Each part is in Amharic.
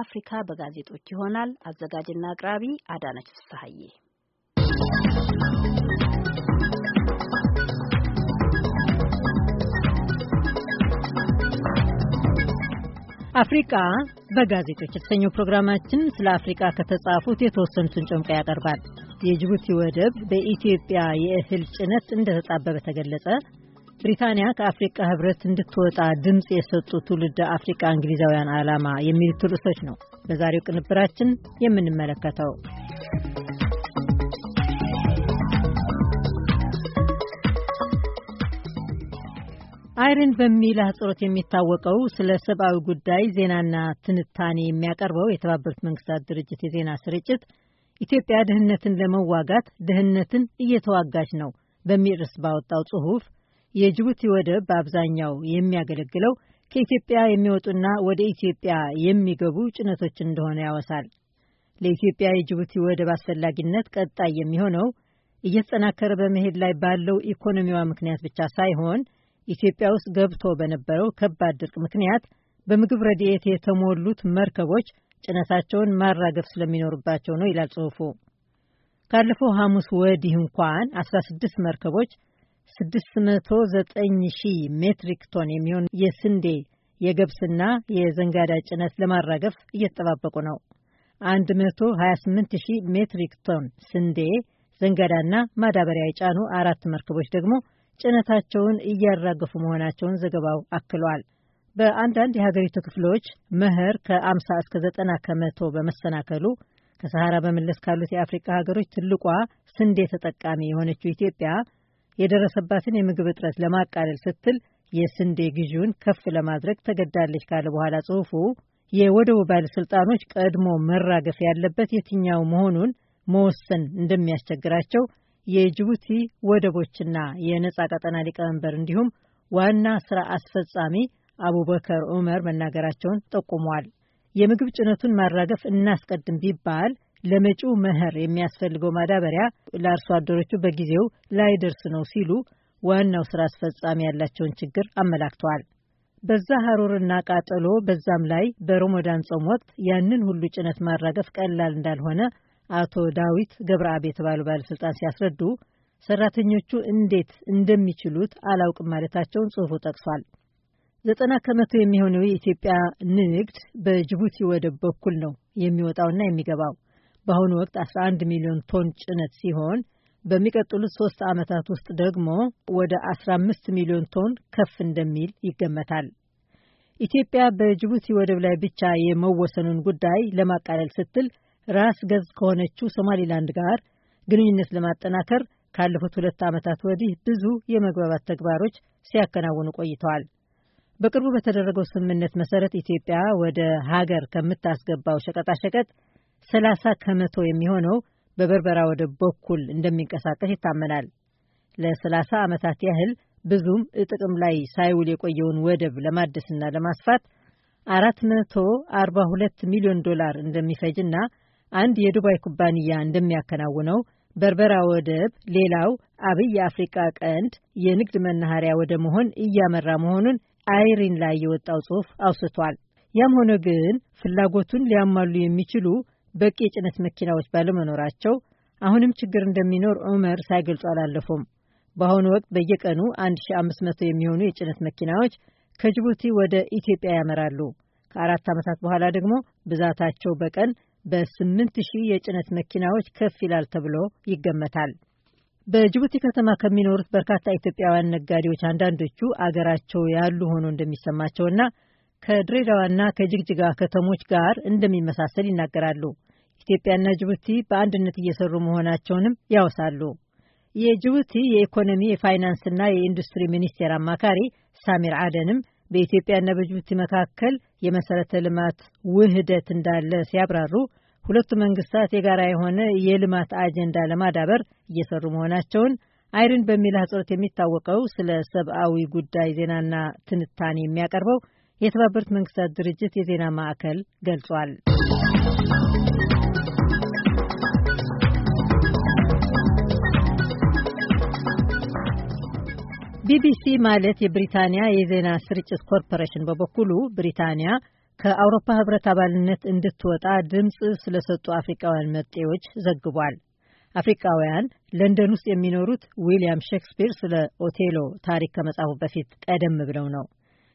አፍሪካ በጋዜጦች ይሆናል። አዘጋጅና አቅራቢ አዳነች ፍስሐዬ። አፍሪቃ በጋዜጦች የተሰኘው ፕሮግራማችን ስለ አፍሪቃ ከተጻፉት የተወሰኑትን ጨምቃ ያቀርባል። የጅቡቲ ወደብ በኢትዮጵያ የእህል ጭነት እንደተጣበበ ተገለጸ፣ ብሪታንያ ከአፍሪቃ ህብረት እንድትወጣ ድምፅ የሰጡ ትውልድ አፍሪቃ እንግሊዛውያን ዓላማ የሚሉት ርዕሶች ነው በዛሬው ቅንብራችን የምንመለከተው። አይርን በሚል አህጽሮት የሚታወቀው ስለ ሰብአዊ ጉዳይ ዜናና ትንታኔ የሚያቀርበው የተባበሩት መንግስታት ድርጅት የዜና ስርጭት ኢትዮጵያ ድህነትን ለመዋጋት ድህነትን እየተዋጋች ነው በሚል ርዕስ ባወጣው ጽሑፍ የጅቡቲ ወደብ በአብዛኛው የሚያገለግለው ከኢትዮጵያ የሚወጡና ወደ ኢትዮጵያ የሚገቡ ጭነቶች እንደሆነ ያወሳል። ለኢትዮጵያ የጅቡቲ ወደብ አስፈላጊነት ቀጣይ የሚሆነው እየተጠናከረ በመሄድ ላይ ባለው ኢኮኖሚዋ ምክንያት ብቻ ሳይሆን ኢትዮጵያ ውስጥ ገብቶ በነበረው ከባድ ድርቅ ምክንያት በምግብ ረድኤት የተሞሉት መርከቦች ጭነታቸውን ማራገፍ ስለሚኖርባቸው ነው ይላል ጽሑፉ። ካለፈው ሐሙስ ወዲህ እንኳን 16 መርከቦች 609 ሺህ ሜትሪክ ቶን የሚሆን የስንዴ የገብስና የዘንጋዳ ጭነት ለማራገፍ እየተጠባበቁ ነው። 128 ሺህ ሜትሪክ ቶን ስንዴ፣ ዘንጋዳና ማዳበሪያ የጫኑ አራት መርከቦች ደግሞ ጭነታቸውን እያራገፉ መሆናቸውን ዘገባው አክሏል። በአንዳንድ የሀገሪቱ ክፍሎች መኸር ከ50 እስከ 90 ከመቶ በመሰናከሉ ከሰሃራ በመለስ ካሉት የአፍሪካ ሀገሮች ትልቋ ስንዴ ተጠቃሚ የሆነችው ኢትዮጵያ የደረሰባትን የምግብ እጥረት ለማቃለል ስትል የስንዴ ግዢውን ከፍ ለማድረግ ተገዳለች። ካለ በኋላ ጽሑፉ የወደቡ ባለሥልጣኖች ቀድሞ መራገፍ ያለበት የትኛው መሆኑን መወሰን እንደሚያስቸግራቸው የጅቡቲ ወደቦችና የነጻ ቀጠና ሊቀመንበር እንዲሁም ዋና ስራ አስፈጻሚ አቡበከር ዑመር መናገራቸውን ጠቁመዋል። የምግብ ጭነቱን ማራገፍ እናስቀድም ቢባል ለመጪው መኸር የሚያስፈልገው ማዳበሪያ ለአርሶ አደሮቹ በጊዜው ላይደርስ ነው ሲሉ ዋናው ስራ አስፈጻሚ ያላቸውን ችግር አመላክተዋል። በዛ ሀሩርና ቃጠሎ በዛም ላይ በሮሞዳን ጾም ወቅት ያንን ሁሉ ጭነት ማራገፍ ቀላል እንዳልሆነ አቶ ዳዊት ገብረአብ የተባሉ ባለስልጣን ሲያስረዱ ሰራተኞቹ እንዴት እንደሚችሉት አላውቅም ማለታቸውን ጽሑፉ ጠቅሷል። ዘጠና ከመቶ የሚሆነው የኢትዮጵያ ንግድ በጅቡቲ ወደብ በኩል ነው የሚወጣውና የሚገባው። በአሁኑ ወቅት 11 ሚሊዮን ቶን ጭነት ሲሆን በሚቀጥሉት ሶስት ዓመታት ውስጥ ደግሞ ወደ 15 ሚሊዮን ቶን ከፍ እንደሚል ይገመታል። ኢትዮጵያ በጅቡቲ ወደብ ላይ ብቻ የመወሰኑን ጉዳይ ለማቃለል ስትል ራስ ገዝ ከሆነችው ሶማሊላንድ ጋር ግንኙነት ለማጠናከር ካለፉት ሁለት ዓመታት ወዲህ ብዙ የመግባባት ተግባሮች ሲያከናውኑ ቆይተዋል። በቅርቡ በተደረገው ስምምነት መሰረት ኢትዮጵያ ወደ ሀገር ከምታስገባው ሸቀጣሸቀጥ 30 ከመቶ የሚሆነው በበርበራ ወደብ በኩል እንደሚንቀሳቀስ ይታመናል። ለ30 ዓመታት ያህል ብዙም ጥቅም ላይ ሳይውል የቆየውን ወደብ ለማደስና ለማስፋት 442 ሚሊዮን ዶላር እንደሚፈጅና አንድ የዱባይ ኩባንያ እንደሚያከናውነው በርበራ ወደብ ሌላው አብይ የአፍሪቃ ቀንድ የንግድ መናኸሪያ ወደ መሆን እያመራ መሆኑን አይሪን ላይ የወጣው ጽሑፍ አውስቷል። ያም ሆነ ግን ፍላጎቱን ሊያሟሉ የሚችሉ በቂ የጭነት መኪናዎች ባለመኖራቸው አሁንም ችግር እንደሚኖር ዑመር ሳይገልጹ አላለፉም። በአሁኑ ወቅት በየቀኑ 1500 የሚሆኑ የጭነት መኪናዎች ከጅቡቲ ወደ ኢትዮጵያ ያመራሉ። ከአራት ዓመታት በኋላ ደግሞ ብዛታቸው በቀን በ8 ሺህ የጭነት መኪናዎች ከፍ ይላል ተብሎ ይገመታል። በጅቡቲ ከተማ ከሚኖሩት በርካታ ኢትዮጵያውያን ነጋዴዎች አንዳንዶቹ አገራቸው ያሉ ሆኖ እንደሚሰማቸውና ከድሬዳዋና ከጅግጅጋ ከተሞች ጋር እንደሚመሳሰል ይናገራሉ። ኢትዮጵያና ጅቡቲ በአንድነት እየሰሩ መሆናቸውንም ያወሳሉ። የጅቡቲ የኢኮኖሚ የፋይናንስና የኢንዱስትሪ ሚኒስቴር አማካሪ ሳሚር አደንም በኢትዮጵያና በጅቡቲ መካከል የመሰረተ ልማት ውህደት እንዳለ ሲያብራሩ ሁለቱ መንግስታት የጋራ የሆነ የልማት አጀንዳ ለማዳበር እየሰሩ መሆናቸውን አይርን በሚል አህጽሮት የሚታወቀው ስለ ሰብአዊ ጉዳይ ዜናና ትንታኔ የሚያቀርበው የተባበሩት መንግስታት ድርጅት የዜና ማዕከል ገልጿል። ቢቢሲ ማለት የብሪታንያ የዜና ስርጭት ኮርፖሬሽን በበኩሉ ብሪታንያ ከአውሮፓ ህብረት አባልነት እንድትወጣ ድምፅ ስለሰጡ አፍሪቃውያን መጤዎች ዘግቧል። አፍሪቃውያን ለንደን ውስጥ የሚኖሩት ዊልያም ሼክስፒር ስለ ኦቴሎ ታሪክ ከመጻፉ በፊት ቀደም ብለው ነው።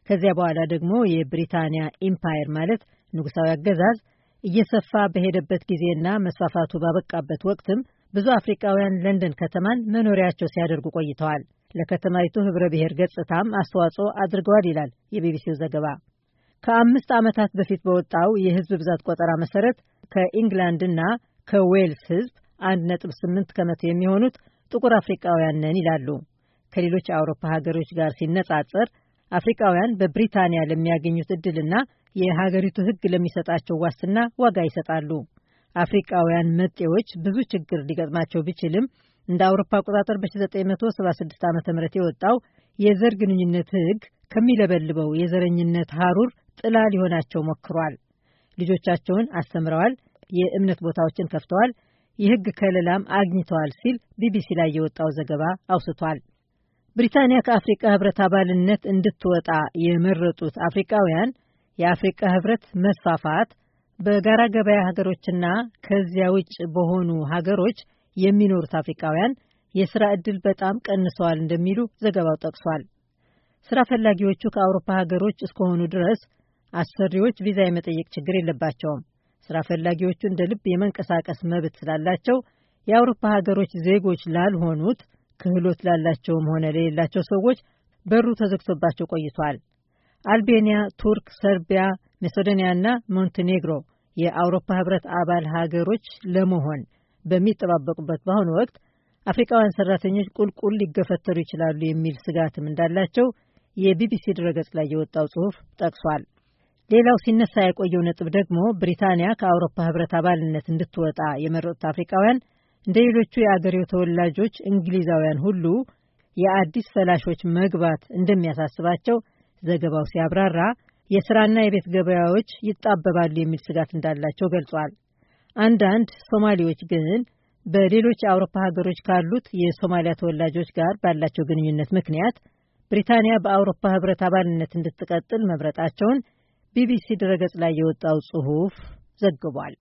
ከዚያ በኋላ ደግሞ የብሪታንያ ኢምፓየር ማለት ንጉሳዊ አገዛዝ እየሰፋ በሄደበት ጊዜና መስፋፋቱ ባበቃበት ወቅትም ብዙ አፍሪካውያን ለንደን ከተማን መኖሪያቸው ሲያደርጉ ቆይተዋል። ለከተማይቱ ህብረ ብሔር ገጽታም አስተዋጽኦ አድርገዋል ይላል የቢቢሲው ዘገባ። ከአምስት ዓመታት በፊት በወጣው የህዝብ ብዛት ቆጠራ መሰረት ከኢንግላንድና ከዌልስ ህዝብ 1.8 ከመቶ የሚሆኑት ጥቁር አፍሪቃውያን ነን ይላሉ። ከሌሎች የአውሮፓ ሀገሮች ጋር ሲነጻጸር አፍሪካውያን በብሪታንያ ለሚያገኙት እድልና የሀገሪቱ ሕግ ለሚሰጣቸው ዋስትና ዋጋ ይሰጣሉ። አፍሪካውያን መጤዎች ብዙ ችግር ሊገጥማቸው ቢችልም እንደ አውሮፓ አቆጣጠር በ1976 ዓ ም የወጣው የዘር ግንኙነት ሕግ ከሚለበልበው የዘረኝነት ሐሩር ጥላ ሊሆናቸው ሞክሯል። ልጆቻቸውን አስተምረዋል፣ የእምነት ቦታዎችን ከፍተዋል፣ የሕግ ከለላም አግኝተዋል ሲል ቢቢሲ ላይ የወጣው ዘገባ አውስቷል። ብሪታንያ ከአፍሪቃ ህብረት አባልነት እንድትወጣ የመረጡት አፍሪቃውያን የአፍሪቃ ህብረት መስፋፋት በጋራ ገበያ ሀገሮችና ከዚያ ውጭ በሆኑ ሀገሮች የሚኖሩት አፍሪቃውያን የስራ ዕድል በጣም ቀንሰዋል እንደሚሉ ዘገባው ጠቅሷል። ስራ ፈላጊዎቹ ከአውሮፓ ሀገሮች እስከሆኑ ድረስ አሰሪዎች ቪዛ የመጠየቅ ችግር የለባቸውም። ስራ ፈላጊዎቹ እንደ ልብ የመንቀሳቀስ መብት ስላላቸው የአውሮፓ ሀገሮች ዜጎች ላልሆኑት ክህሎት ላላቸውም ሆነ ለሌላቸው ሰዎች በሩ ተዘግቶባቸው ቆይቷል። አልቤንያ፣ ቱርክ፣ ሰርቢያ፣ እና ሞንቴኔግሮ የአውሮፓ ህብረት አባል ሀገሮች ለመሆን በሚጠባበቁበት በአሁኑ ወቅት አፍሪካውያን ሰራተኞች ቁልቁል ሊገፈተሩ ይችላሉ የሚል ስጋትም እንዳላቸው የቢቢሲ ድረገጽ ላይ የወጣው ጽሑፍ ጠቅሷል። ሌላው ሲነሳ የቆየው ነጥብ ደግሞ ብሪታንያ ከአውሮፓ ህብረት አባልነት እንድትወጣ የመረጡት አፍሪካውያን እንደ ሌሎቹ የአገሬው ተወላጆች እንግሊዛውያን ሁሉ የአዲስ ፈላሾች መግባት እንደሚያሳስባቸው ዘገባው ሲያብራራ የስራና የቤት ገበያዎች ይጣበባሉ የሚል ስጋት እንዳላቸው ገልጿል። አንዳንድ ሶማሌዎች ግን በሌሎች የአውሮፓ ሀገሮች ካሉት የሶማሊያ ተወላጆች ጋር ባላቸው ግንኙነት ምክንያት ብሪታንያ በአውሮፓ ህብረት አባልነት እንድትቀጥል መምረጣቸውን ቢቢሲ ድረገጽ ላይ የወጣው ጽሑፍ ዘግቧል።